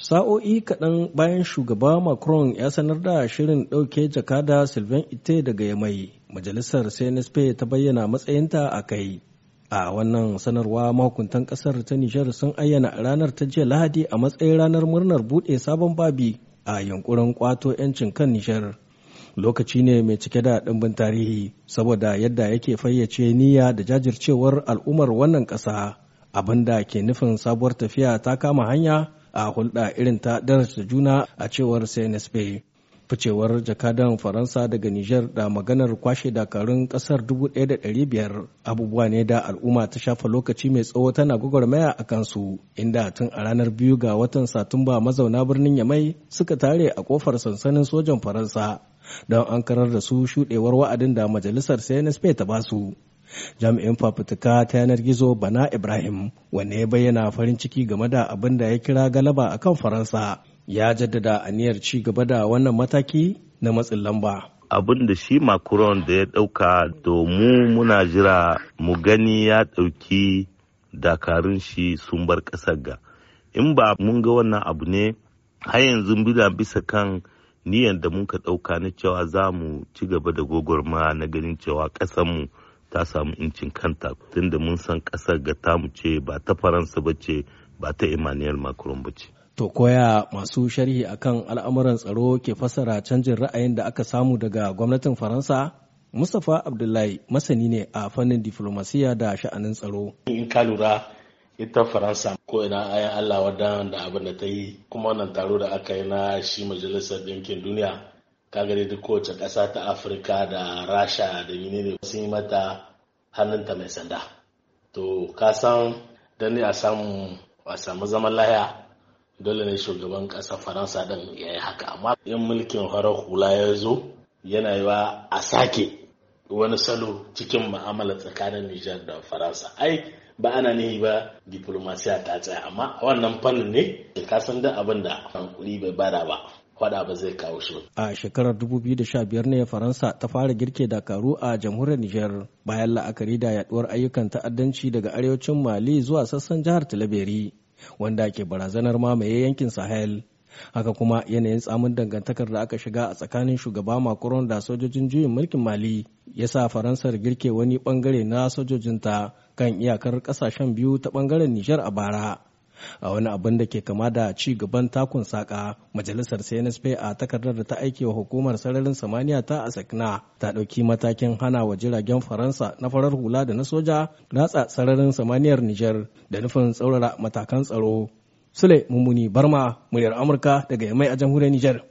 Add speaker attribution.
Speaker 1: Sa'o'i kaɗan bayan shugaba Macron ya sanar da shirin ɗauke jakada Sylvain Ite daga Yamai, majalisar CNSP ta bayyana matsayinta a kai. A wannan sanarwa mahukuntan ƙasar ta Nijar sun ayyana ranar ta jiya Lahadi a matsayin ranar murnar buɗe sabon babi a yankurin ƙwato 'yancin kan Nijar. Lokaci ne mai cike da ɗimbin tarihi saboda yadda yake fayyace niyya da jajircewar al'ummar wannan ƙasa abinda ke nufin sabuwar tafiya ta kama hanya a hulɗa irin ta darasta juna a cewar CNSP. ficewar jakadan faransa daga Nijar da maganar kwashe dakarun kasar 1,500 abubuwa ne da al'umma ta shafa lokaci mai tsawo tana gwagwarmaya a kansu inda tun a ranar biyu ga watan satumba mazauna birnin yamai suka tare a kofar sansanin sojan faransa don an karar da su shuɗewar wa'adin da majalisar cnsp ta basu jami'in fafutuka ta yanar gizo bana ibrahim wanne ya bayyana farin ciki game da abin da ya kira galaba a kan faransa ya jaddada aniyar ci gaba da wannan mataki na matsin lamba
Speaker 2: abin da shi macron da ya dauka domin muna jira mu gani ya dauki dakarun shi sun bar kasar ga in ba mun ga wannan abu ne har yanzu bida bisa kan niyan da muka dauka na cewa za mu ci gaba da gogorma na ganin cewa mu ta samu incin kanta tun da mun san kasar ga tamu ce ba ta faransa ba ce ba ta emmanuel macron ba ce
Speaker 1: To koya masu sharhi akan al'amuran tsaro ke fasara canjin ra'ayin da aka samu daga gwamnatin Faransa? Mustapha Abdullahi masani ne a fannin diflomasiya da sha'anin tsaro.
Speaker 3: In ka lura ita Faransa ko ina ayan Allah wadanda abin da ta yi kuma wannan taro da aka yi na shi majalisar ɗinkin duniya Ka gani duk kowace ƙasa ta afirka da rasha da menene sun yi mata hannunta mai sanda to ka san don ne a samu a samu zaman laya dole ne shugaban ƙasar faransa ɗin ya yi haka amma yan mulkin farar hula ya zo yana yi wa a sake wani salo cikin ma'amala tsakanin nijar da faransa ai ba ana nihi ba diplomasiya ta tsaya amma wannan fannin ne ka kasan da abin da hankuri bai bada ba faɗa ba zai kawo shi
Speaker 1: a shekarar 2015 ne faransa ta fara girke dakaru a jamhuriyar Nijar, bayan la'akari da yaduwar ayyukan ta'addanci daga arewacin mali zuwa sassan jihar Tilaberi wanda ke barazanar mamaye yankin sahel haka kuma yanayin tsamin dangantakar da aka shiga a tsakanin shugaba macron da sojojin juyin mulkin mali ya sa faransar girke wani bangare na sojojinta kan iyakar kasashen biyu ta bangaren nijar a bara a wani abin da ke kama da ci gaban takun saka majalisar cnsp a takardar da ta aike wa hukumar sararin samaniya ta asakna ta ɗauki matakin hana wa jiragen faransa na farar hula da na soja ratsa sararin samaniyar Nijar, da nufin tsaurara matakan tsaro sule mummuni barma muryar amurka daga yamai a jamhuriyar niger